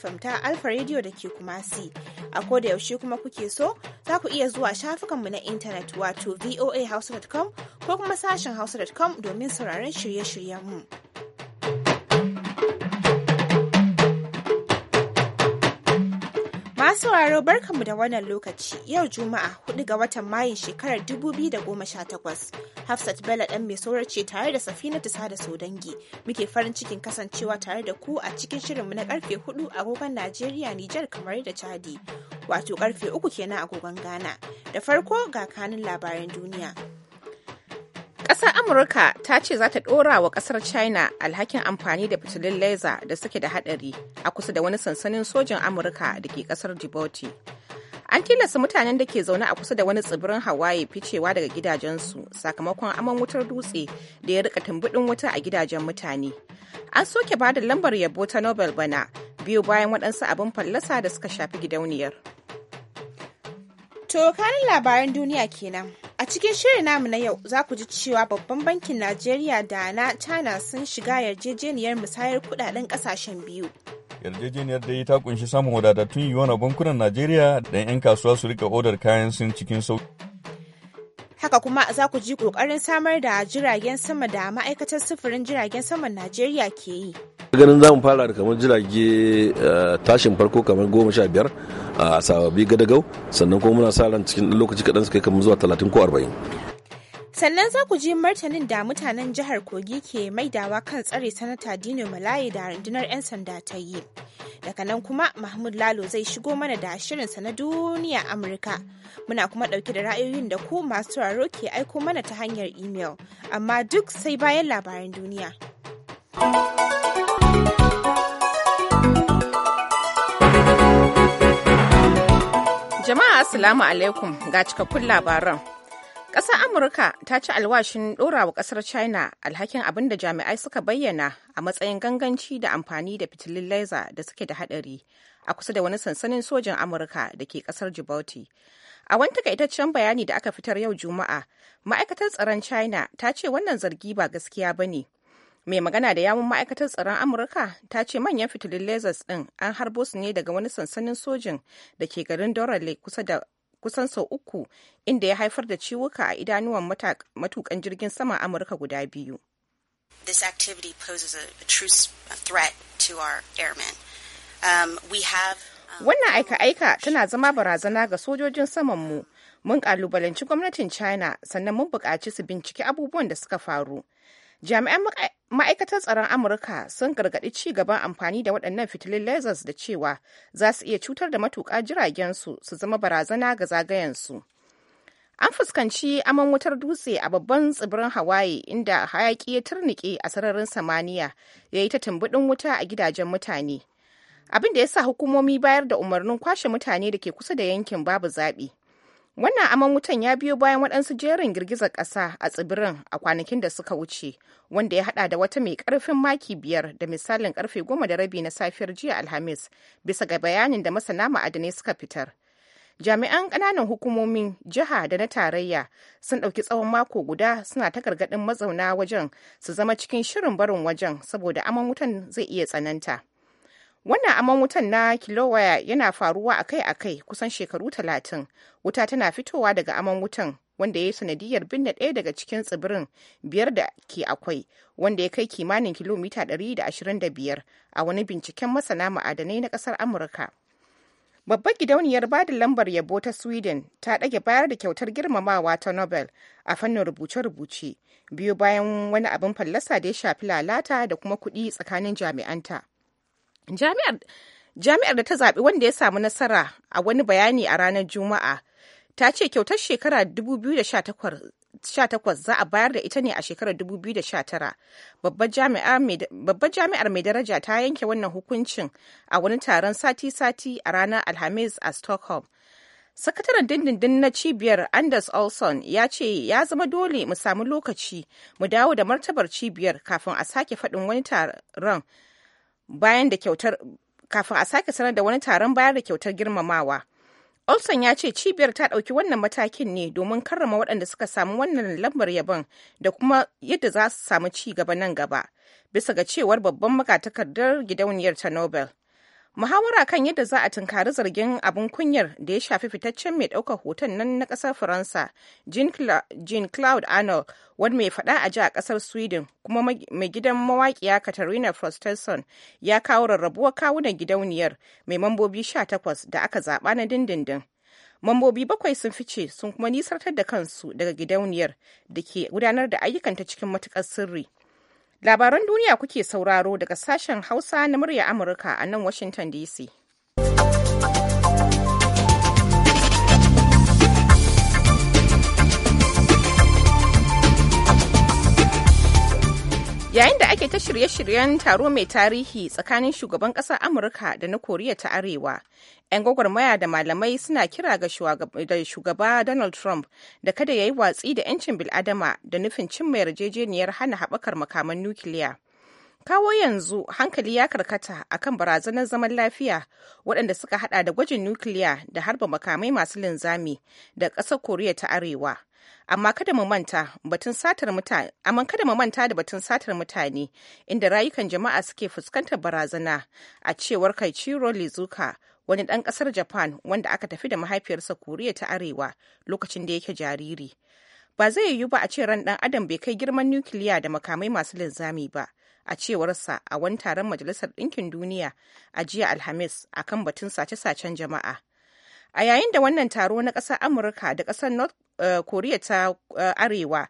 FM ta Alfa Radio da ke Kumasi. A ko yaushe kuma kuke so, za ku iya zuwa shafukanmu na intanet wato voahouse.com ko kuma sashen hausa.com domin sauraron shirye-shiryenmu. mu. Masu sauraro barkanmu da wannan lokaci yau Juma'a 4 ga watan Mayu shekarar 2018. Hafsat Bello ɗan mai saurar ce tare da Safina sada da Sodangi. Muke farin cikin kasancewa tare da ku a cikin shirin mu na karfe 4 agogon Najeriya Nijar kamar da Chadi. Wato karfe 3 kenan agogon Ghana. Da farko ga kanin labaran duniya. Ƙasar Amurka ta ce za ta ɗora wa ƙasar China alhakin amfani da fitilun laser da suke da haɗari a kusa da wani sansanin sojin Amurka da ke ƙasar Djibouti. An tilasta mutanen da ke zaune a kusa da wani tsibirin Hawaii ficewa daga gidajensu sakamakon aman wutar dutse da ya rika tumbuɗin wuta a gidajen mutane. An soke ba da lambar yabo ta Nobel bana biyu bayan waɗansu abin fallasa da suka shafi gidauniyar. To kanin labaran duniya kenan. A cikin shirin namu na yau za ku ji cewa babban bankin Najeriya da na China sun shiga yarjejeniyar musayar kudaden kasashen biyu. yarjejeniyar da ta kunshi samun wadatattun yiwuwa bankunan Najeriya don 'yan kasuwa su rika odar kayan sun cikin sauki. Haka kuma za ku ji ƙoƙarin samar da jiragen sama da ma'aikatar sufurin jiragen saman Najeriya ke yi. ganin za mu fara da kamar jirage eh, tashin farko kamar goma sha biyar a sababi gadagau sannan kuma muna sa ran cikin lokaci kaɗan su kai kamar zuwa talatin ko arba'in sannan za ku ji martanin da mutanen jihar kogi ke maidawa kan tsare sanata dino malaye da rundunar 'yan sanda ta yi daga nan kuma mahmud lalo zai shigo mana da shirin sa na duniya amurka muna kuma ɗauke da ra'ayoyin da ku masu tsoro ke aiko mana ta hanyar imel amma duk sai bayan labaran duniya. Jama'a Assalamu alaikum ga cikakkun labaran. Ƙasar Amurka ta ci alwashin ɗora wa ƙasar China alhakin abin da jami'ai suka bayyana a matsayin ganganci da amfani da fitilun laser da suke da haɗari a kusa da wani sansanin sojin Amurka da ke ƙasar Djibouti. A wani takaitaccen bayani da aka fitar yau Juma'a, ma'aikatar tsaron China ta ce wannan zargi ba gaskiya ba ne, mai magana da yawun ma'aikatar tsaron amurka ta ce manyan fitilun lasers din an harbo su ne daga wani sansanin sojin da ke garin dorale kusa da kusan sau uku inda ya haifar da ciwuka a idanuwan matukan jirgin sama amurka guda biyu This activity poses Wannan aika-aika tana zama barazana ga sojojin samanmu. Mun kalubalanci gwamnatin China sannan mun buƙaci su binciki abubuwan da suka faru. Jami'an ma'aikatar tsaron Amurka sun gargaɗi ci gaban amfani da waɗannan fitilun lasers da cewa za su iya cutar da matuƙa jiragen su su zama barazana ga su. An fuskanci aman wutar dutse a babban tsibirin Hawaii inda hayaƙi ya turnike a sararin samaniya ya yi ta tumbuɗin wuta a gidajen mutane. Abin da ya sa hukumomi bayar da umarnin kwashe mutane da ke kusa da yankin babu zaɓi. Wannan aman wutan ya biyo bayan waɗansu jerin girgizar ƙasa a tsibirin a kwanakin da suka wuce, wanda ya haɗa da wata mai ƙarfin maki biyar da misalin ƙarfe goma da rabi na safiyar jiya Alhamis, bisa ga bayanin da masana ma'adanai suka fitar. Jami'an ƙananan hukumomin jiha da na tarayya sun ɗauki tsawon mako guda suna ta gargaɗin mazauna wajen su zama cikin shirin barin wajen saboda aman wutan zai iya tsananta. Wannan aman wutan na kilowaya yana faruwa akai-akai kusan shekaru talatin. Wuta tana fitowa daga aman wutan wanda ya yi sanadiyar binne ɗaya daga cikin tsibirin biyar da ke akwai wanda ya kai kimanin kilomita 125 a wani binciken masana ma'adanai na ƙasar Amurka. Babbar gidauniyar bada lambar yabo ta Sweden ta ɗage bayar da kyautar girmamawa ta Nobel a fannin rubuce-rubuce biyu bayan wani abin fallasa da ya shafi lalata da kuma kuɗi tsakanin jami'anta. Jami'ar da ta zaɓi wanda ya samu nasara a wani bayani a ranar Juma'a ta ce kyautar shekara 2018 za a bayar da ita ne a shekarar 2019. Babbar jami'ar mai daraja ta yanke wannan hukuncin a wani taron sati-sati a ranar Alhamis a Stockholm. sakataren dindindin na cibiyar anders olson ya ce ya zama dole mu samu lokaci mu dawo da martabar cibiyar kafin a sake faɗin wani taron bayan da kyautar kafin a sake sanar da wani taron bayar da kyautar girmamawa. Olson ya ce cibiyar ta ɗauki wannan matakin ne domin karrama waɗanda suka samu wannan lambar yabon da kuma yadda za su samu ci gaba nan gaba, bisa ga cewar babban magatakardar gidauniyar ta Nobel. muhawara kan yadda za a tunkari zargin abin kunyar da ya shafi fitaccen mai ɗaukar hoton nan na ƙasar faransa jean claude arnold wani mai faɗa a ji a ƙasar sweden kuma mai gidan mawaƙiya katarina frosterson ya kawo rarrabuwar kawunan gidauniyar mai mambobi sha takwas da aka zaɓa na dindindin mambobi bakwai sun fice sun kuma nisartar da kansu daga gidauniyar da ke gudanar da ayyukanta cikin matuƙar sirri Labaran duniya kuke sauraro daga sashen Hausa na murya Amurka a nan Washington DC. Yayin da ake ta shirye-shiryen taro mai tarihi tsakanin shugaban ƙasar Amurka da na Koriya ta Arewa, 'yan gwagwarmaya da malamai suna kira ga shugaba Donald Trump da kada ya yi watsi da 'yancin bil'adama da nufin cimma yarjejeniyar hana haɓakar makaman nukiliya. Kawo yanzu hankali ya karkata akan barazanar zaman lafiya waɗanda suka hada da gwajin nukiliya da harba makamai masu linzami da ƙasar Koriya ta Arewa. amma kada mu manta batun satar mutane amma kada mu manta da batun satar mutane inda rayukan jama'a suke fuskantar barazana a cewar Kaichiro Lizuka wani ɗan ƙasar Japan wanda aka tafi da mahaifiyarsa Koriya ta Arewa lokacin da yake jariri. Ba zai yiwu ba a ce ran ɗan adam bai kai girman nukiliya da makamai masu linzami ba. a cewarsa a wani taron majalisar ɗinkin duniya a jiya alhamis akan batun sace-sacen jama'a a yayin da wannan taro na ƙasar amurka da ƙasar north eh, korea ta eh, arewa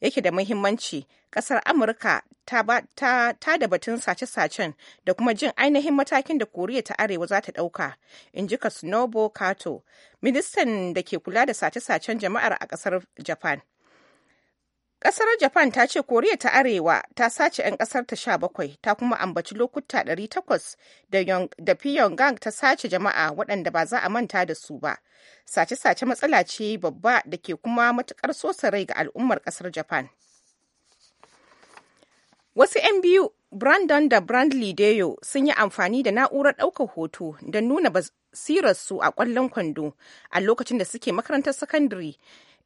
yake da muhimmanci ƙasar amurka ta, da batun sace-sacen da kuma jin ainihin matakin da koriya ta arewa za ta ɗauka in ji kasnobo kato ministan da ke kula da sace-sacen jama'ar a ƙasar japan kasar Japan ta ce Koriya ta Arewa ta sace 'yan kasar ta 17 ta kuma ambaci lokuta 800 da Pyongyang ta sace jama'a waɗanda ba za a manta da su ba. Sace-sace matsala ce babba da ke kuma matukar sosa rai ga al'ummar kasar Japan. Wasu 'yan biyu Brandon da Brandley Deyo sun yi amfani da na'urar ɗaukar hoto don nuna basirarsu a ƙwallon kwando a lokacin da suke makarantar sakandare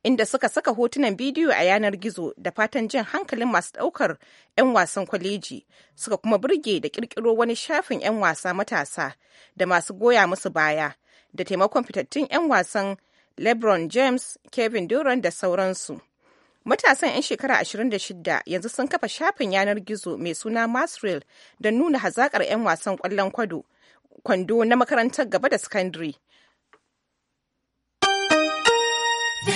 inda suka saka hotunan bidiyo a yanar gizo da fatan jin hankalin masu ɗaukar 'yan wasan kwaleji suka kuma burge da ƙirƙiro wani shafin 'yan wasa matasa da masu goya musu baya da taimakon fitattun 'yan wasan lebron james kevin durant da sauransu matasan 'yan shekara 26 yanzu sun kafa shafin yanar gizo mai suna masrel don nuna hazaƙar 'yan wasan ƙwallon kwando na makarantar gaba da sakandare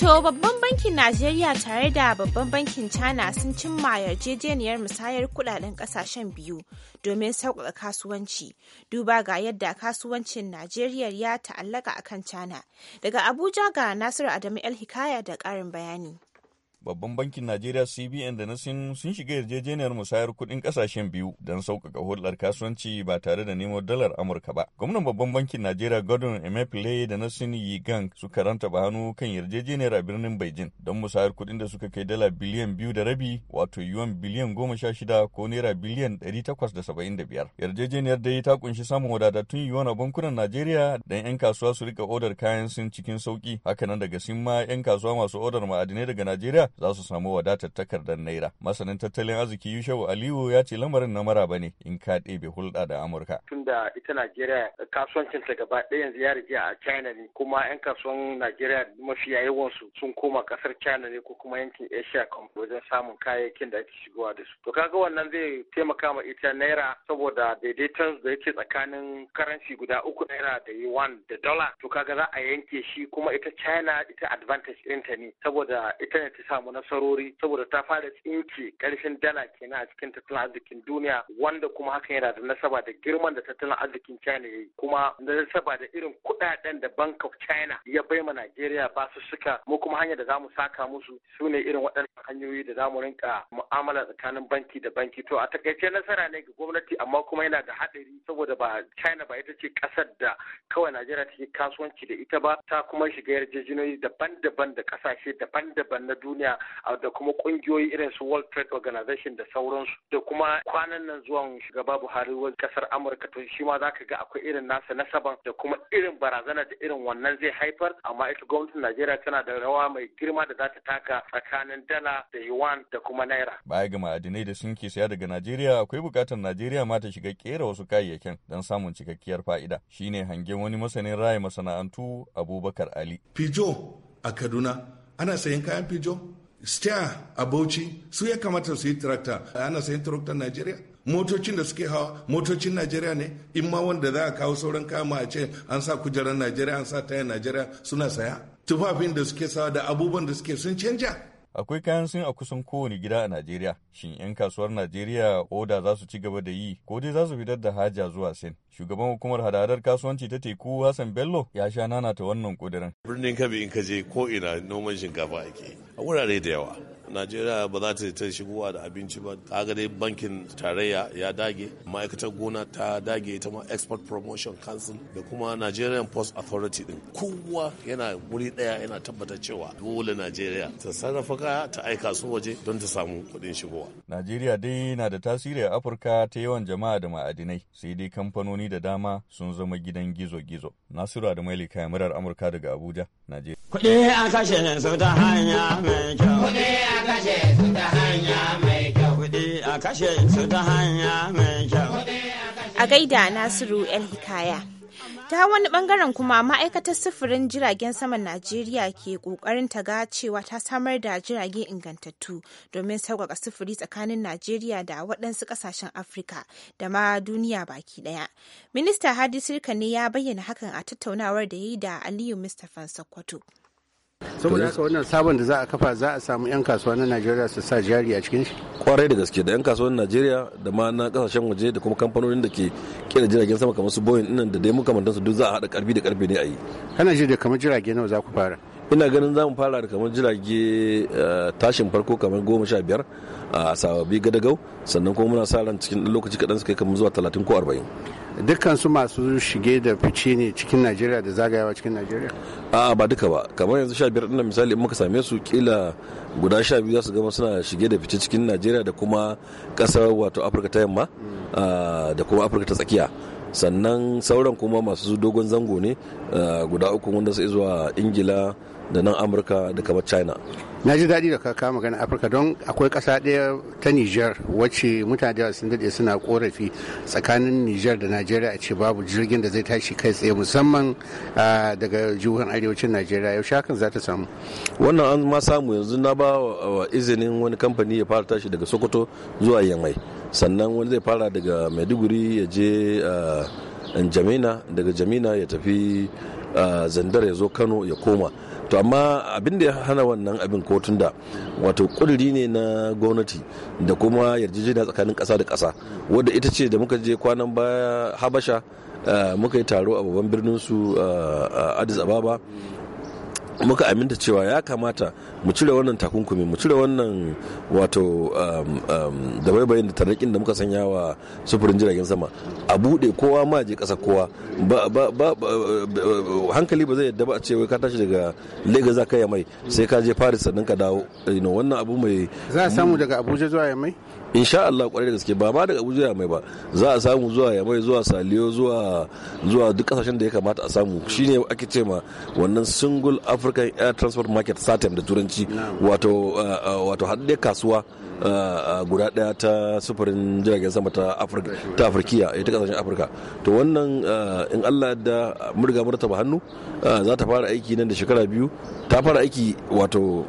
To babban bankin Najeriya tare da babban bankin China sun cimma yarjejeniyar musayar kudaden kasashen biyu domin sauƙaƙa kasuwanci duba ga yadda kasuwancin Najeriya ya ta'allaka akan China. Daga Abuja ga Nasiru Adamu El Hikaya da ƙarin bayani. babban bankin Najeriya CBN da na sun shiga yarjejeniyar musayar kuɗin ƙasashen biyu don sauƙaƙa hulɗar kasuwanci ba tare da nemo dalar Amurka ba. Gwamnan babban bankin Najeriya Gordon Emefiele da na Sin Yigang suka ranta ba hannu kan yarjejeniyar a birnin Beijing don musayar kuɗin da suka kai dala biliyan biyu da rabi wato yuan biliyan goma sha shida ko naira biliyan ɗari takwas da saba'in da biyar. Yarjejeniyar dai ta kunshi samun wadatattun yuan a bankunan Najeriya don 'yan kasuwa su riƙa odar kayan sun cikin sauƙi. Hakanan daga Sin ma 'yan kasuwa masu odar ma'adinai daga Najeriya za su samu wadatar takardar naira. Masanin tattalin arziki Yushau Aliyu ya ce lamarin na maraba ne in ka ɗebe hulɗa da Amurka. Tunda ita Najeriya kasuwancin ta gaba ɗaya yanzu ya rige a China ne kuma 'yan kasuwan Najeriya mafiya yawansu sun koma ƙasar China ne ko kuma yankin Asia wajen samun kayayyakin da ake shigowa da su. To kaga wannan zai taimaka ma ita naira saboda daidaiton da yake tsakanin karanci guda uku naira da yuan da dola, to kaga za a yanke shi kuma ita China ita advantage ɗinta ne saboda ita ne ta sa samu nasarori saboda ta fara tsince karshen dala kenan a cikin tattalin arzikin duniya wanda kuma hakan yana da nasaba da girman da tattalin arzikin China ya yi kuma nasaba da irin kuɗaɗen da Bank of China ya ma Najeriya ba su suka mu kuma hanyar da zamu saka musu su ne irin waɗannan hanyoyi da zamu rinka mu'amala tsakanin banki da banki to a takaice nasara ne ga gwamnati amma kuma yana da haɗari saboda ba China ba ita ce kasar da kawai Najeriya take kasuwanci da ita ba ta kuma shiga yarjejeniyoyi daban-daban da kasashe daban-daban na duniya duniya da kuma kungiyoyi irin su World Trade Organization da sauransu da kuma kwanan nan zuwan shugaba Buhari wa kasar Amurka to shi ma zaka ga akwai irin nasa nasaban da kuma irin barazana da irin wannan zai haifar amma ita gwamnatin Najeriya tana da rawa mai girma da za ta taka tsakanin dala da yuan da kuma naira. Baya ga ma'adinai da sun ke saya daga Najeriya akwai bukatar Najeriya ma ta shiga kera wasu kayayyakin don samun cikakkiyar fa'ida. Shine hangen wani masanin raya masana'antu Abubakar Ali. pijo a Kaduna ana sayan kayan pijo. star a bauchi su ya kamata su yi tractor ana sayan tractor najeriya motocin da suke hawa motocin najeriya ne in ma wanda za a kawo sauran kama a ce an sa kujerar najeriya an sa tayar najeriya suna saya tufafin da suke sawa da abubuwan da suke sun canja Akwai kayan sun a kusan kowane gida a Najeriya. Shin 'yan kasuwar Najeriya oda za su ci gaba da yi ko dai za su fitar da haja zuwa Sin? Shugaban hukumar hadadar kasuwanci ta teku Hassan Bello ya sha Nana ta wannan kudirin. Birnin Kabi in ka je ko ina noman shinkafa ake a wurare da yawa. najeriya ba za ta ta shigowa da abinci ba kaga dai bankin tarayya ya dage ma'aikatar gona ta dage ita ma export promotion council da kuma nigerian post authority din kowa yana wuri daya yana tabbata cewa dole najeriya ta sarrafa kaya ta aika su waje don ta samu kuɗin shigowa najeriya dai na da tasiri a afirka ta yawan jama'a da ma'adinai sai dai kamfanoni da dama sun zama gidan gizo-gizo nasiru adamaili kayan murar amurka daga abuja najeriya kuɗi a kashe su ta hanya mai kyau kashe a kashe su ta hanya mai kyau. A gaida Nasiru El Hikaya. ta wani bangaren kuma ma'aikatar sufurin jiragen saman najeriya ke kokarin ta ga cewa ta samar da jirage ingantattu domin sauƙaƙa sufuri tsakanin najeriya da waɗansu ƙasashen afirka da ma duniya baki ɗaya minista hadi sirka ne ya bayyana hakan a tattaunawar da ya yi da aliyu mustapha sokoto saboda haka wannan sabon da za a kafa za a samu 'yan kasuwa na najeriya su sa jari a cikin shi kwarai da gaske da 'yan kasuwan najeriya da ma na kasashen waje da kuma kamfanonin da ke kera jiragen sama kamar su boeing nan da dai makamantan su duk za a haɗa karfi da karfe ne a yi kana ji da kamar jirage nawa za ku fara ina ganin za mu fara da kamar jirage eh, tashin farko kamar goma sha biyar a sababi gadagau sannan kuma muna sa ran cikin lokaci kaɗan su kai kamar zuwa talatin ko arba'in dukansu masu shige da fice ne cikin najeriya da zagayawa cikin najeriya a ba duka ba kamar yanzu sha biyar ɗin misali in muka same su kila guda sha biyu za su gama suna shige da fice cikin najeriya da kuma ƙasar wato afirka ta yamma mm. ah, da kuma afirka ta tsakiya sannan sauran kuma masu dogon zango ne eh, guda uku wanda su zuwa ingila da nan amurka da kamar china na ji daɗi da ka kama magana afirka don akwai ƙasa ɗaya ta niger wacce mutane da sun daɗe suna ƙorafi tsakanin niger da najeriya a ce babu jirgin da zai tashi kai tsaye musamman ah, daga jihohin arewacin najeriya yaushe hakan za ta samu wannan an ma samu yanzu na ba izinin wani kamfani ya fara tashi daga sokoto zuwa yamai sannan wani zai fara daga maiduguri ya je uh, jamina daga jamina ya tafi uh, zandar ya zo kano ya koma to amma abin da ya hana wannan abin kotun da wato kuduri ne na gwamnati da kuma yarjejeniya tsakanin ƙasa da kasa wadda ita ce da muka je kwanan baya habasha uh, muka yi taro a babban birnin su addis ababa muka aminta cewa ya kamata mu cire wannan takunkumi mu cire wannan wato um, um, da da tarrakin da muka sanya wa sufurin jiragen sama a buɗe kowa ma je ƙasa kowa hankali ba zai yadda ba a ce wai ka tashi daga lagos za ka yi mai sai ka je paris sannan ka dawo wannan abu mai za a samu daga abuja zuwa ya mai insha Allah kwarai da gaske ba ma daga Abuja ya mai ba za a samu zuwa ya mai zuwa Saliyo zuwa zuwa duk kasashen da ya kamata a samu shine ake ce ma wannan single African air transport market satem da turanci kasuwanci wato uh, uh, wato haɗe kasuwa uh, guda ɗaya ta sufurin jiragen sama ta afirka ta afirkiya ita eh, kasashen afirka to wannan in allah da murga martaba hannu za ta fara aiki nan da shekara biyu ta fara aiki wato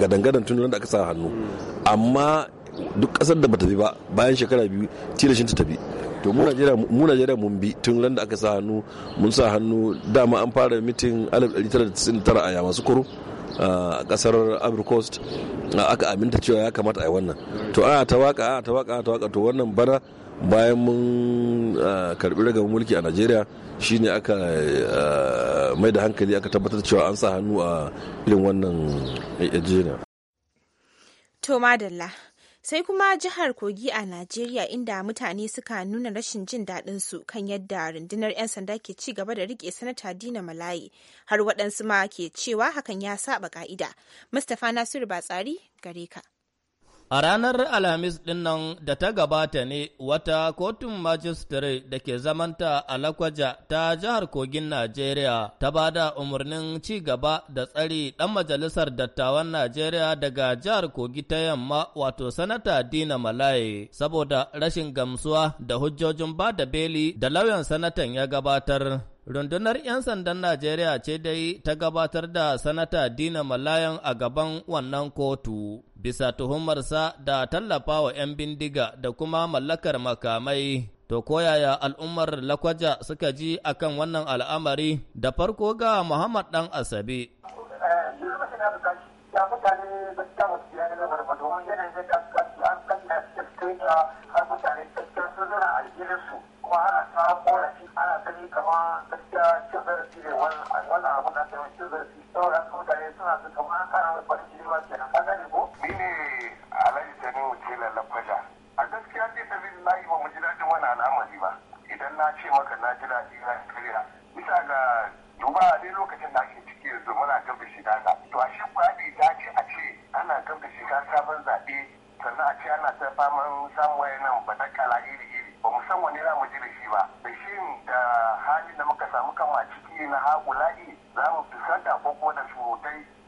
gadangadan tun da aka sa hannu amma duk kasar da bata bi ba bayan shekara biyu tilashin ta tafi to mu najeriya mun bi tun ran da aka sa hannu mun sa hannu dama an fara mitin 1999 a su sukuru a kasar Ivory Coast aka aminta cewa ya kamata a yi wannan to ana ta waka ana ta waka ta waka to wannan bana bayan mun karbi ragamin mulki a Najeriya shine aka mai da hankali aka tabbatar cewa an sa hannu a irin wannan yarjejeniya to madalla sai kuma jihar kogi a najeriya inda mutane suka nuna rashin jin daɗin su kan yadda rundunar 'yan sanda ke ci gaba da rike sanata dina malayi, har waɗansu ma ke cewa hakan ya saba ka'ida mustapha nasiru batsari gare ka A ranar Alhamis ɗinnan da ta gabata ne wata kotun majistare da ke zamanta a Lakwaja ta jihar Kogin Najeriya ta ba da umarnin ci gaba da tsari ɗan majalisar dattawan Najeriya daga jihar Kogi ta yamma wato sanata Dina Malaye saboda rashin gamsuwa da hujjojin ba da beli da lauyan sanatan ya gabatar. Rundunar 'yan sandan Najeriya ce dai ta gabatar da sanata Dina Malayan a gaban wannan kotu. bisa tuhumarsa da tallafawa 'yan bindiga da kuma mallakar makamai. To koyaya al'ummar Lakwaja suka ji akan wannan al'amari da farko ga Muhammad ɗan Asabe. kamar wata ko kona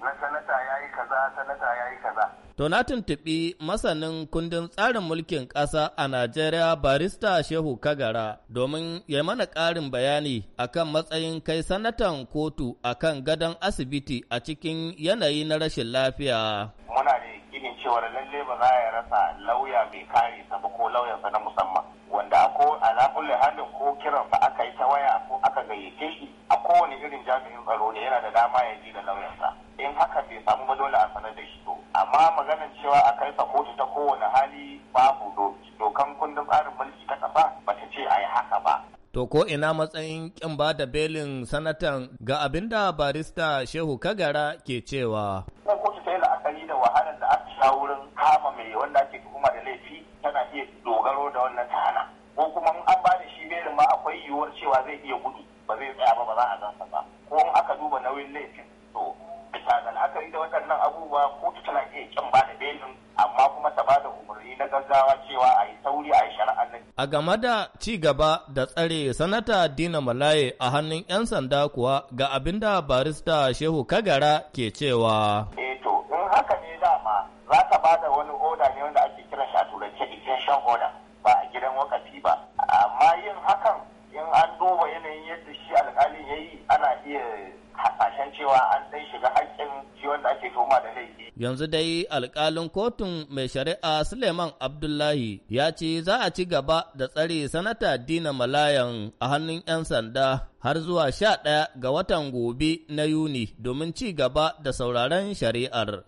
na sanata ya yi kaza sanata ya yi kaza. To na tuntuɓi masanin kundin tsarin mulkin ƙasa a Najeriya barista Shehu Kagara domin ya mana ƙarin bayani akan matsayin kai sanatan kotu akan gadon asibiti a cikin yanayi na rashin lafiya. Muna da yakinin cewa lalle ba za ya rasa lauya mai kare sa ba ko lauyansa na musamman wanda ko a kulli halin ko kiransa aka yi ta waya ko aka gayyace shi a kowane irin jami'in tsaro ne yana da dama ya ji da lauyansa in haka bai samu ba dole a sanar da shi to amma maganar cewa a kai kotu ta kowane hali babu dokan kundin tsarin mulki ta kasa ta ce a yi haka ba To ko ina matsayin kin ba da belin sanatan ga abin da barista Shehu Kagara ke cewa. Ko kotu ta yi la'akari da wahalar da aka sha wurin kama mai wanda ake tuhuma da laifi tana iya dogaro da wannan tana. Ko kuma an ba da shi belin ma akwai yiwuwar cewa zai iya gudu. ba zai tsaya ba ba za a gansa ba ko in aka duba nauyin laifin to bisa ga la'akari da waɗannan abubuwa ko kotu tana iya kin ba da belin amma kuma ta ba da umarni na gaggawa cewa a yi sauri a yi shari'ar nan. A game da ci gaba da tsare sanata Dina Malaye a hannun 'yan sanda kuwa ga abin da barista Shehu Kagara ke cewa. Eh to in haka ne dama za ta ba da wani oda ne wanda ake cewa an dai shiga haƙƙin shi wanda ake tuhuma da laifi. Yanzu dai alƙalin kotun mai shari'a Suleiman Abdullahi ya ce za a ci gaba da tsare sanata Dina Malayan a hannun 'yan sanda har zuwa sha ɗaya ga watan gobe na Yuni domin ci gaba da sauraron shari'ar.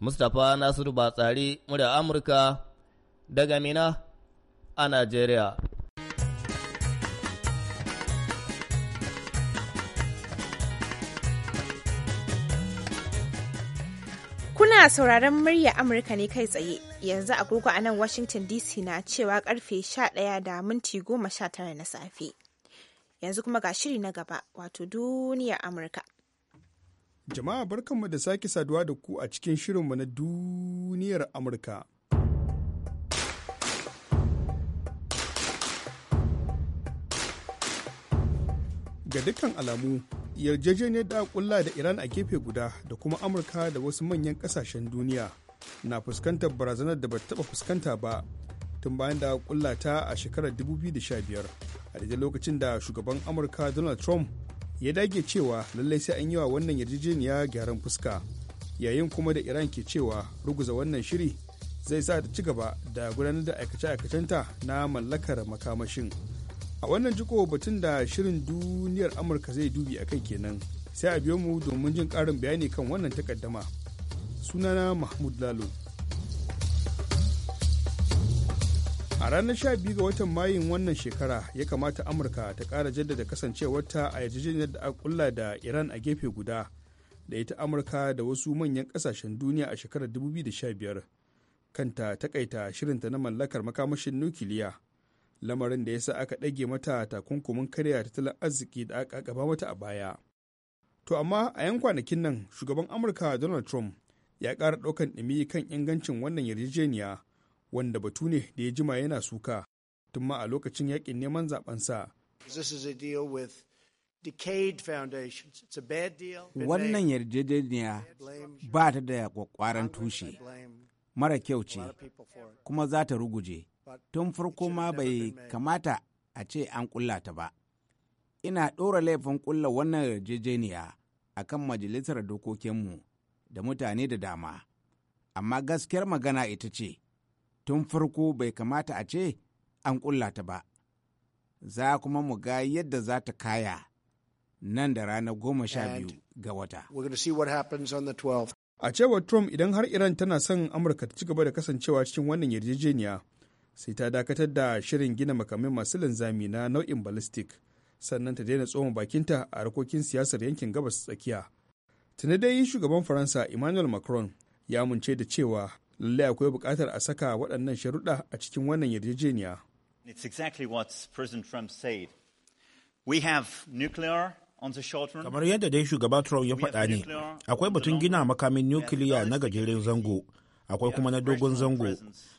Mustapha Nasiru Batsari, murya Amurka, daga Mina a Najeriya. Kuna sauraron murya Amurka ne kai tsaye yanzu agogo a nan Washington DC na cewa karfe 11 da minti 19 na safe. Yanzu kuma ga shiri na gaba wato duniyar Amurka. Jama'a barkanmu da sake saduwa da ku a cikin shirinmu na duniyar Amurka. Ga dukkan alamu yarjejeniyar da kulla da iran a gefe guda da kuma amurka da wasu manyan kasashen duniya na fuskantar barazanar da bata taba fuskanta ba tun bayan da kulla ta a shekarar 2015 a daidai lokacin da shugaban amurka donald trump ya dage cewa lallai sai an yi wa wannan yarjejeniya gyaran fuska yayin kuma da iran ke cewa ruguza wannan shiri zai sa ta ci gaba da gudanar da aikace-aikacenta na mallakar makamashin a wannan jiko batun da shirin duniyar amurka zai dubi a kai kenan sai a biyo mu domin jin karin bayani kan wannan takaddama sunana mahmud lalo a ranar 12 ga watan mayun wannan shekara ya kamata amurka ta kara jaddada kasancewarta a yarjejeniyar da kulla da iran a gefe guda da ita amurka da wasu manyan kasashen duniya a shekarar 2015 kanta takaita shirinta na mallakar makamashin nukiliya lamarin da ya sa aka ɗage mata takunkumin karya ta tattalin arziki da aka gaba mata a baya. To amma a yan kwanakin nan shugaban Amurka Donald Trump ya ƙara ɗaukan ɗumi kan ingancin wannan yarjejeniya wanda batu ne da ya jima yana suka tun ma a lokacin yaƙin neman zaɓensa. Wannan yarjejeniya ba ta da kwakwaran tushe, mara kyau ce, kuma za ta ruguje. tun farko ma bai kamata a ce an kulla ta ba. Ina ɗora laifin kulla wannan yarjejeniya a kan majalisar dokokinmu da mutane da dama, amma gaskiyar magana ita ce, tun farko bai kamata a ce an kulla ta ba. Za kuma mu ga yadda za ta kaya nan da rana goma sha biyu ga wata. A cewar Trump idan har Iran tana son Amurka ta ci gaba da kasancewa cikin wannan yarjejeniya, sai ta dakatar da shirin gina makamai masu linzami na nau'in ballistic sannan ta daina tsoma bakinta a harkokin siyasar yankin gabas tsakiya tuni dai shugaban faransa emmanuel macron ya amince da cewa lallai akwai bukatar a saka waɗannan sharuɗa a cikin wannan yarjejeniya kamar yadda dai shugaba trump ya faɗa ne akwai batun gina makamin nukiliya na gajeren zango akwai kuma na dogon zango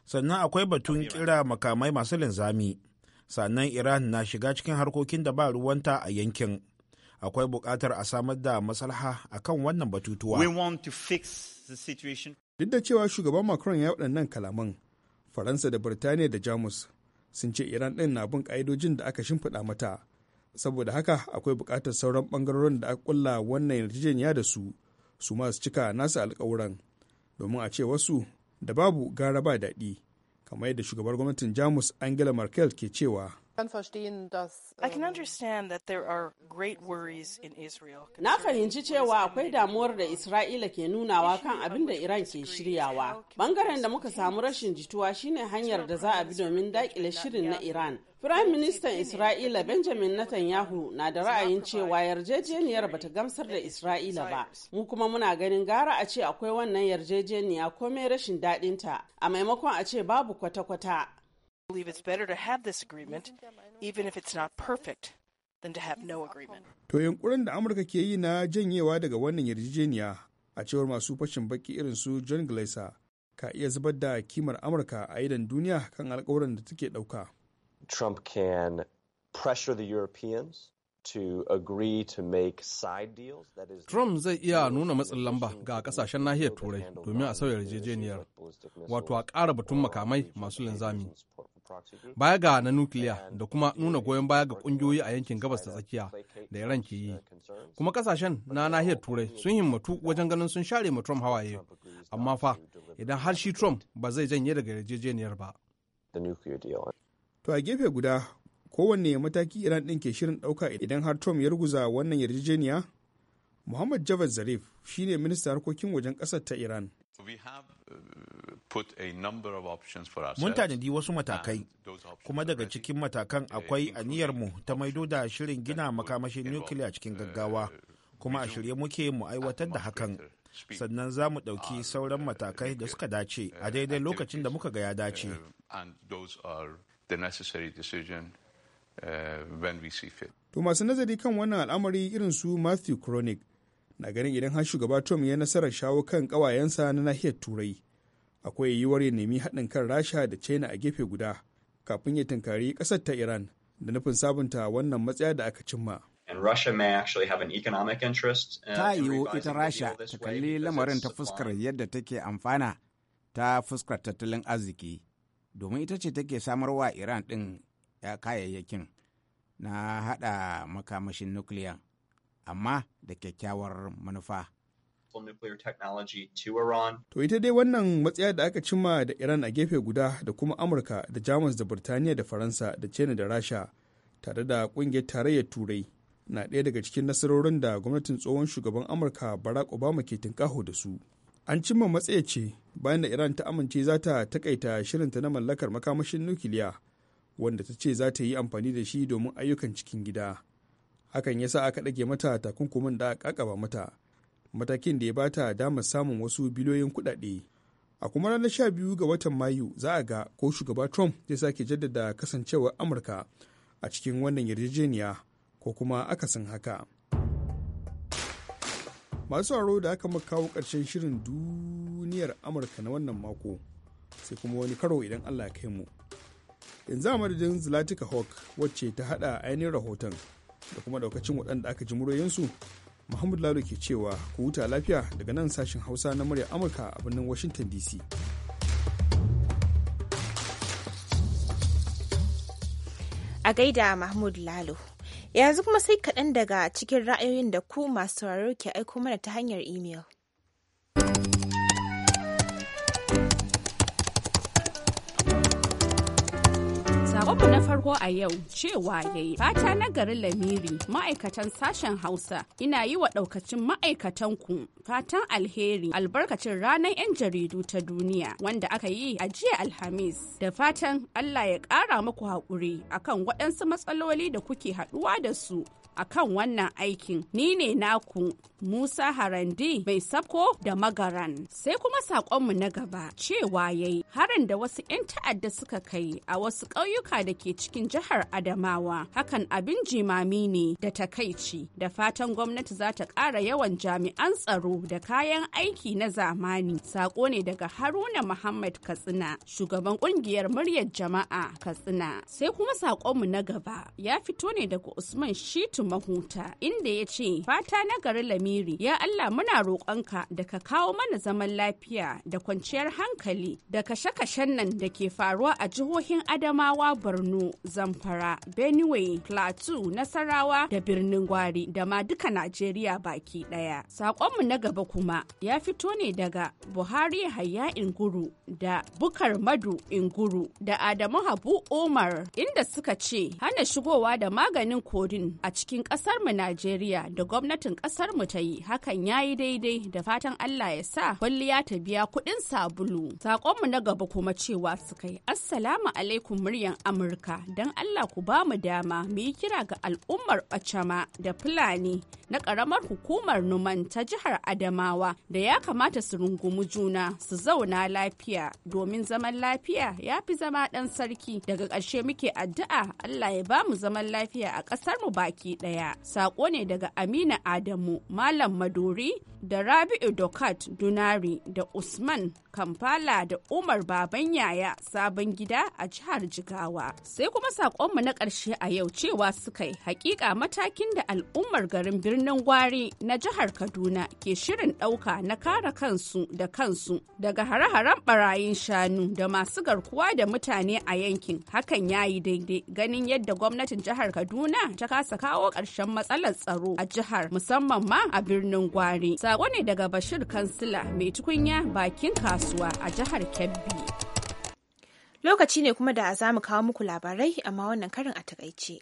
sannan akwai batun kira makamai masu linzami sannan iran na shiga cikin harkokin da ba ruwanta a yankin akwai buƙatar a samar da maslaha akan wannan batutuwa duk da cewa shugaban macron ya waɗannan kalaman faransa da birtaniya da jamus sun ce iran ɗin na bin ƙa'idojin da aka shimfiɗa mata saboda haka akwai buƙatar sauran ɓangarorin da aka ƙulla wannan yarjejeniya da su su masu cika nasu alƙawuran domin a ce wasu da babu gara ba daɗi kamar yadda shugabar gwamnatin jamus angela merkel ke cewa I can ähm, understand that there are great worries in Israel. Na fahimci cewa akwai damuwar da Isra'ila ke nunawa kan abin da Iran ke shiryawa. Bangaren da muka samu rashin jituwa shine hanyar da za a bi domin dakile shirin na Iran. Firayim Ministan Isra'ila Benjamin Netanyahu na da ra'ayin cewa yarjejeniyar bata gamsar da Isra'ila ba. Mu kuma muna ganin gara a ce akwai wannan yarjejeniya komai rashin daɗinta, a maimakon a ce babu kwata-kwata. believe it's better to have this agreement, even if it's not perfect, than to have no agreement. To yunkurin da Amurka ke yi na janyewa daga wannan yarjejeniya a cewar masu fashin baki irin su John Glaser ka iya zubar da kimar Amurka a idan duniya kan alkawuran da take ɗauka. Trump can pressure the Europeans to agree to make side deals. That is Trump zai iya nuna matsin lamba ga kasashen nahiyar Turai domin a sauya yarjejeniyar, wato a ƙara batun makamai masu linzami baya ga na nukiliya da kuma nuna goyon baya ga kungiyoyi a yankin gabas da tsakiya da iran ke yi kuma kasashen na nahiyar turai sun himmatu wajen ganin sun share ma trump hawaye amma fa idan har shi trump ba zai janye daga yarjejeniyar ba to a gefe guda kowanne mataki iran din ke shirin dauka idan har trump ya ruguza wannan yarjejeniya muhammad javad zarif shine ministan harkokin wajen kasar ta iran Mun tanadi wasu matakai, kuma daga cikin matakan akwai aniyarmu ta maido da shirin gina makamashin nukiliya cikin uh, gaggawa, kuma a shirye muke mu aiwatar da hakan. Sannan za mu ɗauki uh, sauran uh, matakai da suka dace a daidai lokacin da muka gaya ya dace. To masu nazari kan wannan al'amari irin su Matthew Chronic na ganin idan har shugaba trump ya nasarar shawo kan ƙawayensa na nahiyar turai akwai yiwuwar ya nemi haɗin kan rasha da china a gefe guda kafin ya tunkari ƙasar ta iran da nufin sabunta wannan matsaya da aka cimma ta yiwu ita rasha ta kalli lamarin ta fuskar yadda take amfana ta fuskar tattalin arziki domin ita ce take samarwa iran ɗin kayayyakin na haɗa makamashin nukiliya. amma da kyakkyawar manufa. To ita dai wannan matsaya da aka cimma da Iran a gefe guda da kuma Amurka da Jamus da Birtaniya da Faransa da China da Rasha tare da kungiyar tarayyar Turai na ɗaya daga cikin nasarorin da gwamnatin tsohon shugaban Amurka Barack Obama ke tinkaho da su. An cimma matsaya ce bayan da Iran ta amince za ta takaita shirinta na mallakar makamashin nukiliya wanda ta ce za ta yi amfani da shi domin ayyukan cikin gida. hakan sa aka ɗage mata takunkumin da ƙaƙaba mata matakin da ya ba ta damar samun wasu biliyoyin kuɗaɗe a kuma ranar sha biyu ga watan mayu za a ga ko shugaba trump zai sake jaddada kasancewar amurka a cikin wannan yarjejeniya ko kuma akasin haka masu sauraro da aka kawo ƙarshen shirin duniyar amurka na wannan mako sai kuma wani karo idan allah ya kai mu yanzu a madadin zlatika hawk wacce ta hada ainihin rahoton da kuma daukacin waɗanda aka ji muryoyinsu Muhammad Lalo ke cewa ku huta lafiya daga nan sashen Hausa na murya Amurka a birnin Washington DC. A gaida Mahmud Lalo. Yanzu kuma sai kaɗan daga cikin ra'ayoyin da ku masu sauraro ke aiko mana ta hanyar imel. farko a yau cewa ya yi. Fata na garin Lamiri ma'aikatan sashen Hausa ina yi wa ɗaukacin ma'aikatanku fatan alheri albarkacin ranar 'yan jaridu ta duniya wanda aka yi a jiya Alhamis. Da fatan Allah ya ƙara muku haƙuri akan waɗansu matsaloli da kuke haɗuwa da su akan wannan aikin. Ni ne naku Musa Harandi mai sabko da magaran. Sai kuma saƙonmu na gaba cewa yayi harin da wasu 'yan ta'adda suka kai a wasu ƙauyuka da ke cikin jihar Adamawa. Hakan abin jimami ne da takaici da fatan gwamnati za ta ƙara yawan jami'an tsaro da kayan aiki na zamani. Saƙo ne daga Haruna Muhammad Katsina, shugaban ƙungiyar muryar jama'a Katsina. Sai kuma saƙonmu na gaba ya fito ne daga Usman Shitu su mahuta inda ya ce fata na gari lamiri ya Allah muna roƙonka da ka kawo mana zaman lafiya da kwanciyar hankali da kashe-kashen nan da ke faruwa a jihohin Adamawa Borno Zamfara Benue Plateau Nasarawa da birnin Gwari da ma duka Najeriya baki ɗaya. Saƙonmu na gaba kuma ya fito ne daga Buhari Haya, Inguru da Bukar Madu Inguru da Adamu Habu Umar, inda suka ce hana shigowa da maganin kodin a cikin dokokin ƙasarmu Najeriya da gwamnatin ƙasarmu ta yi hakan ya yi daidai da fatan Allah ya sa kwalliya ta biya kuɗin sabulu. Saƙonmu na gaba kuma cewa su kai Assalamu alaikum muryan Amurka don Allah ku ba mu dama mu yi kira ga al'ummar Bacama da Fulani na ƙaramar hukumar Numan ta jihar Adamawa da ya kamata su rungumi juna su zauna lafiya domin zaman lafiya ya fi zama ɗan sarki daga ƙarshe muke addu'a Allah ya ba mu zaman lafiya a ƙasarmu mu baki ɗaya. saƙo ne daga Amina Adamu, Malam Madori da Rabi'u Dokat Dunari da Usman Kampala da Umar Baban Yaya sabon gida a jihar Jigawa. Sai kuma saƙonmu na ƙarshe a yau cewa suka yi hakika matakin da al'ummar garin birnin Gwari na jihar Kaduna ke shirin ɗauka na kare kansu da kansu daga hare-haren barayin shanu da masu garkuwa da mutane a yankin hakan ya yi daidai ganin yadda gwamnatin jihar Kaduna ta kasa kawo ƙarshen matsalar tsaro a jihar musamman ma a birnin Gwari. Saƙo ne daga Bashir Kansila mai tukunya bakin kasuwa. kasuwa a jihar Kebbi. Lokaci ne kuma da za mu kawo muku labarai amma wannan karin a takaice.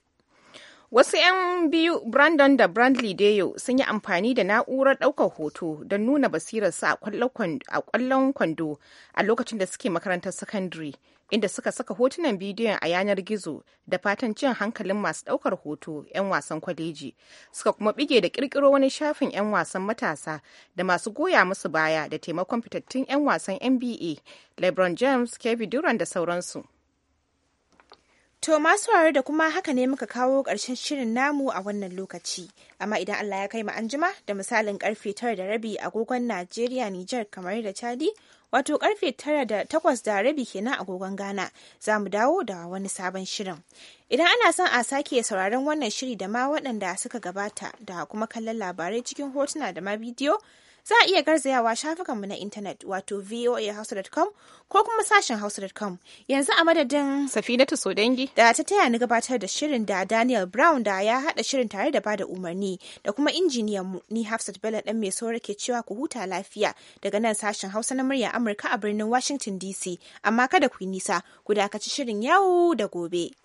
Wasu 'yan biyu Brandon da Brandley Deyo sun yi amfani da na'urar ɗaukar hoto don nuna su a kwallon kwando a lokacin da suke makarantar sakandare inda suka saka hotunan bidiyon a yanar gizo da fatan cin hankalin masu daukar hoto 'yan wasan kwaleji suka kuma bige da ƙirƙiro wani shafin 'yan wasan matasa da masu goya musu baya da taimakon fitattun 'yan wasan nba lebron james kevin durant da sauransu To masu da kuma haka ne muka kawo ƙarshen shirin namu a wannan lokaci, amma idan Allah ya kai mu anjima da misalin karfe tara da rabi agogon Najeriya Niger kamar da Chadi wato karfe tara da takwas da rabi kenan agogon ghana za mu dawo da wani sabon shirin idan ana son a sake sauraron wannan shiri da ma waɗanda suka gabata da kuma kallon labarai cikin hotuna da ma bidiyo za a iya garzayawa shafukanmu na intanet wato voahouse.com ko kuma sashen house.com yanzu a madadin safinatu sodangi da ta taya ni gabatar da shirin da daniel brown da ya hada shirin tare da bada umarni da kuma injiniyan mu ni hafsat bello dan mai saura ke cewa ku huta lafiya daga nan sashen hausa na murya amurka a birnin washington dc amma kada ku yi nisa ku dakaci shirin yau da gobe.